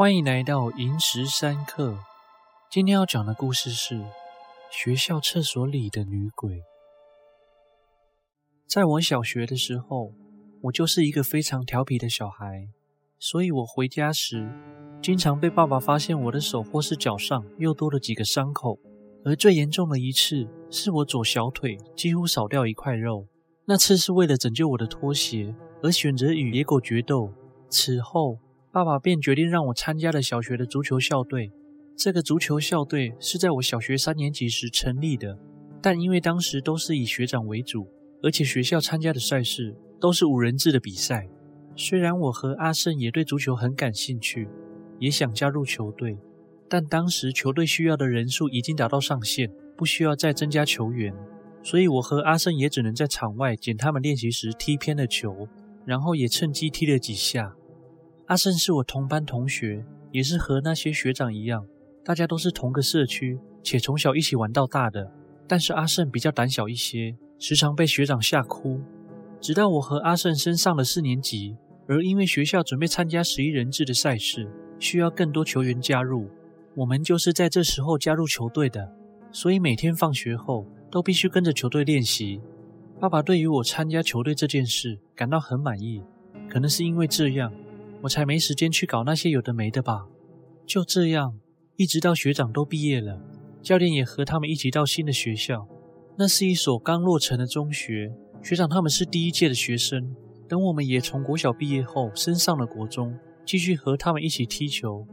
歡迎來到寅時三刻。今天要講的故事是學校廁所裡的女鬼。在我小學的時候，我就是一個非常調皮的小孩，所以我回家時經常被爸爸發現我的手或是腳上又多了幾個傷口。而最嚴重的一次是我左小腿幾乎少掉一塊肉，那次是為了拯救我的拖鞋而選擇與野狗決鬥。此後，爸爸便決定讓我參加了小學的足球校隊。這個足球校隊是在我小學三年級時成立的，但因為當時都是以學長為主，而且學校參加的賽事都是五人制的比賽。雖然我和阿勝也對足球很感興趣，也想加入球隊，但當時球隊需要的人數已經達到上限，不需要再增加球員，所以我和阿勝也只能在場外撿他們練習時踢偏的球，然後也趁機踢了幾下。阿勝是我同班同學，也是和那些學長一樣，大家都是同個社區，且從小一起玩到大的。但是阿勝比較膽小一些，時常被學長嚇哭。直到我和阿勝升上了四年級，而因為學校準備參加十一人制的賽事，需要更多球員加入，我們就是在這時候加入球隊的。所以每天放學後都必須跟着球隊練習。爸爸對於我參加球隊這件事感到很滿意，可能是因為這樣。我才沒時間去搞那些有的沒的吧。就這樣，一直到學長都畢業了，教練也和他們一起到新的學校。那是一所剛落成的中學，學長他們是第一屆的學生。等我們也從國小畢業後，升上了國中，繼續和他們一起踢球。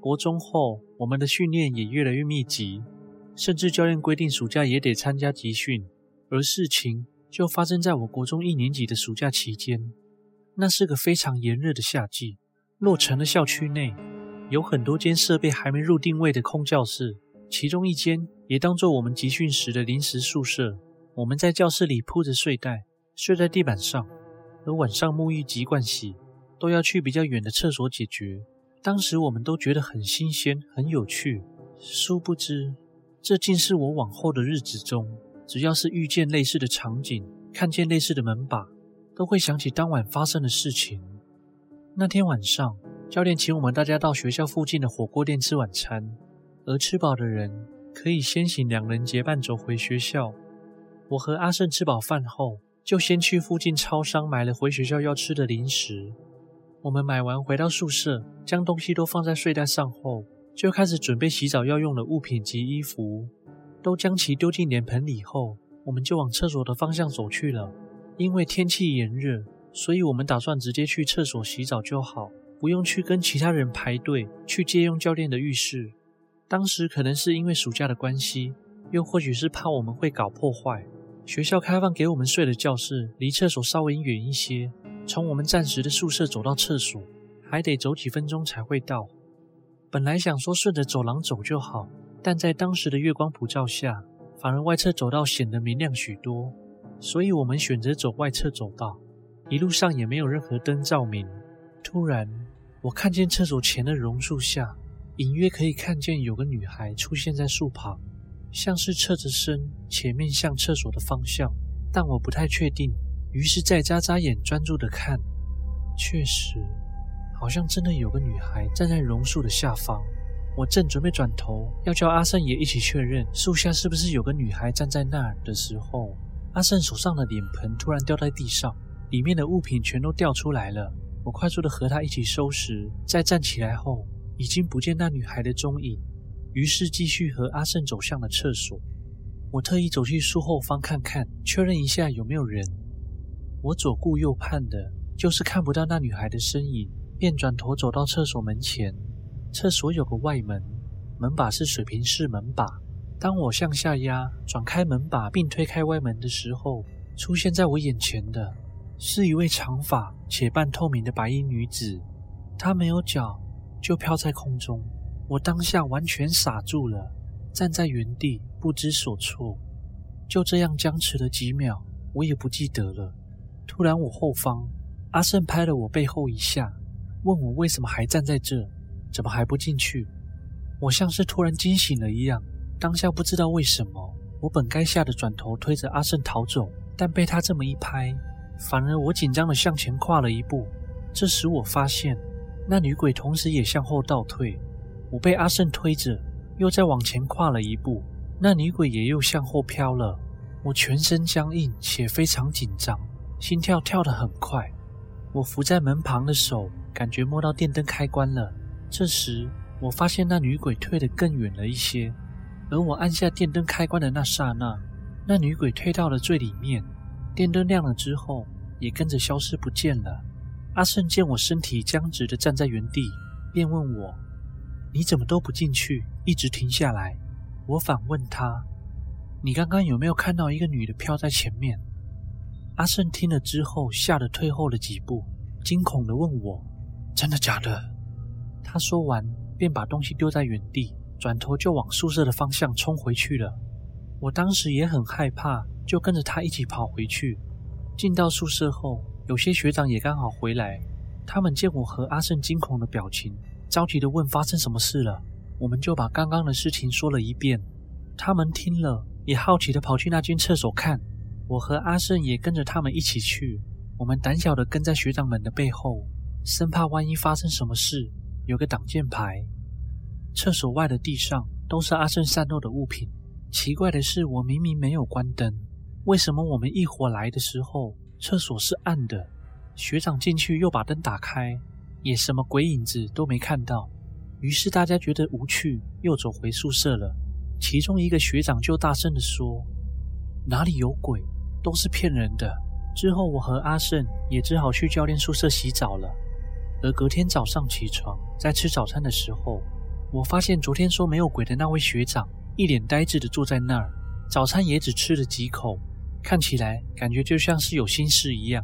國中後，我們的訓練也越來越密集，甚至教練規定暑假也得參加集訓。而事情就發生在我國中一年級的暑假期間。那是個非常炎熱的夏季，落成的校區內有很多間設備還沒入定位的空教室，其中一間也當做我們集訓時的臨時宿舍。我們在教室裡鋪着睡袋，睡在地板上，而晚上沐浴及盥洗都要去比較遠的廁所解決。當時我們都覺得很新鮮、很有趣，殊不知這竟是我往後的日子中，只要是遇見類似的場景，看見類似的門把。都會想起當晚發生的事情。那天晚上，教練請我們大家到學校附近的火鍋店吃晚餐，而吃飽的人可以先行，兩人結伴走回學校。我和阿勝吃飽飯後，就先去附近超商買了回學校要吃的零食。我們買完回到宿舍，將東西都放在睡袋上後，就開始準備洗澡要用的物品及衣服，都將其丟進臉盆裡後，我們就往廁所的方向走去了。因為天氣炎熱，所以我們打算直接去廁所洗澡就好，不用去跟其他人排隊去借用教練的浴室。當時可能是因為暑假的關係，又或許是怕我們會搞破壞，學校開放給我們睡的教室離廁所稍微遠一些，從我們暫時的宿舍走到廁所還得走幾分鐘才會到。本來想說順着走廊走就好，但在當時的月光普照下，反而外側走道顯得明亮許多。所以，我們選擇走外側走道，一路上也沒有任何燈照明。突然，我看見廁所前的榕樹下，隱約可以看見有個女孩出現在樹旁，像是側着身，前面向廁所的方向，但我不太確定。於是，再眨眨眼，專注地看，確實，好像真的有個女孩站在榕樹的下方。我正準備轉頭要叫阿勝也一起確認樹下是不是有個女孩站在那兒的時候。阿勝手上的臉盆突然掉在地上，裡面的物品全都掉出來了。我快速的和他一起收拾，再站起來後，已經不見那女孩的蹤影。於是繼續和阿勝走向了廁所。我特意走去樹後方看看，確認一下有沒有人。我左顧右盼的，就是看不到那女孩的身影，便轉頭走到廁所門前。廁所有個外門，門把是水平式門把。當我向下壓、轉開門把並推開外門的時候，出現在我眼前的是一位長髮且半透明的白衣女子。她沒有腳，就飄在空中。我當下完全傻住了，站在原地不知所措。就這樣僵持了幾秒，我也不記得了。突然，我後方阿勝拍了我背後一下，問我為什麼還站在這，怎麼還不進去？我像是突然驚醒了一樣。當下不知道為什麼，我本該嚇得轉頭推着阿勝逃走，但被他這麼一拍，反而我緊張地向前跨了一步。這時我發現，那女鬼同時也向後倒退。我被阿勝推着，又再往前跨了一步，那女鬼也又向後飄了。我全身僵硬且非常緊張，心跳跳得很快。我扶在門旁的手感覺摸到電燈開關了。這時我發現那女鬼退得更遠了一些。而我按下電燈開關的那剎那，那女鬼退到了最裡面。電燈亮了之後，也跟着消失不見了。阿勝見我身體僵直地站在原地，便問我：“你怎麼都不進去，一直停下來？”我反問他：“你剛剛有沒有看到一個女的飄在前面？”阿勝聽了之後，嚇得退後了幾步，驚恐地問我：“真的假的？”他說完，便把東西丟在原地。轉頭就往宿舍的方向衝回去了。我當時也很害怕，就跟着他一起跑回去。進到宿舍後，有些學長也剛好回來。他們見我和阿勝驚恐的表情，着急地問發生什麼事了。我們就把剛剛的事情說了一遍。他們聽了，也好奇地跑去那間廁所看。我和阿勝也跟着他們一起去。我們膽小地跟在學長們的背後，生怕萬一發生什麼事，有個擋箭牌。廁所外的地上都是阿勝散落的物品。奇怪的是，我明明沒有關燈，為什麼我們一夥來的時候廁所是暗的？學長進去又把燈打開，也什麼鬼影子都沒看到。於是大家覺得無趣，又走回宿舍了。其中一個學長就大聲地說：“哪裡有鬼？都是騙人的。”之後，我和阿勝也只好去教練宿舍洗澡了。而隔天早上起床，在吃早餐的時候，我發現昨天說沒有鬼的那位學長一臉呆滯的坐在那兒，早餐也只吃了幾口，看起來感覺就像是有心事一樣。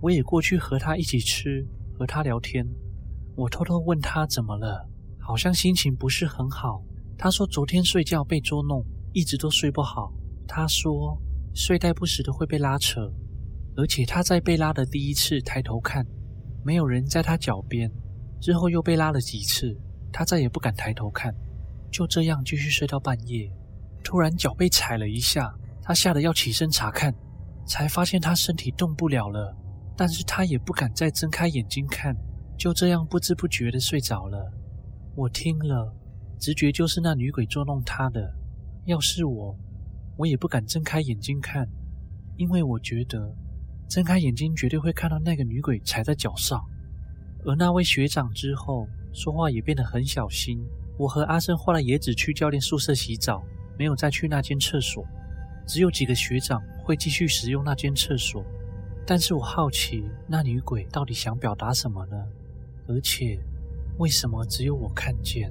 我也過去和他一起吃，和他聊天。我偷偷問他怎麼了，好像心情不是很好。他說昨天睡覺被捉弄，一直都睡不好。他說睡袋不時的會被拉扯，而且他在被拉的第一次抬頭看，沒有人在他腳邊，之後又被拉了幾次。他再也不敢抬頭看，就這樣繼續睡到半夜。突然腳被踩了一下，他嚇得要起身查看，才發現他身體動不了了。但是他也不敢再睜開眼睛看，就這樣不知不覺地睡着了。我聽了，直覺就是那女鬼捉弄他的。要是我，我也不敢睜開眼睛看，因為我覺得睜開眼睛絕對會看到那個女鬼踩在腳上。而那位學長之後，說話也變得很小心。我和阿生換了椰子去教練宿舍洗澡，沒有再去那間廁所。只有幾個學長會繼續使用那間廁所。但是我好奇，那女鬼到底想表達什麼呢？而且，為什麼只有我看見？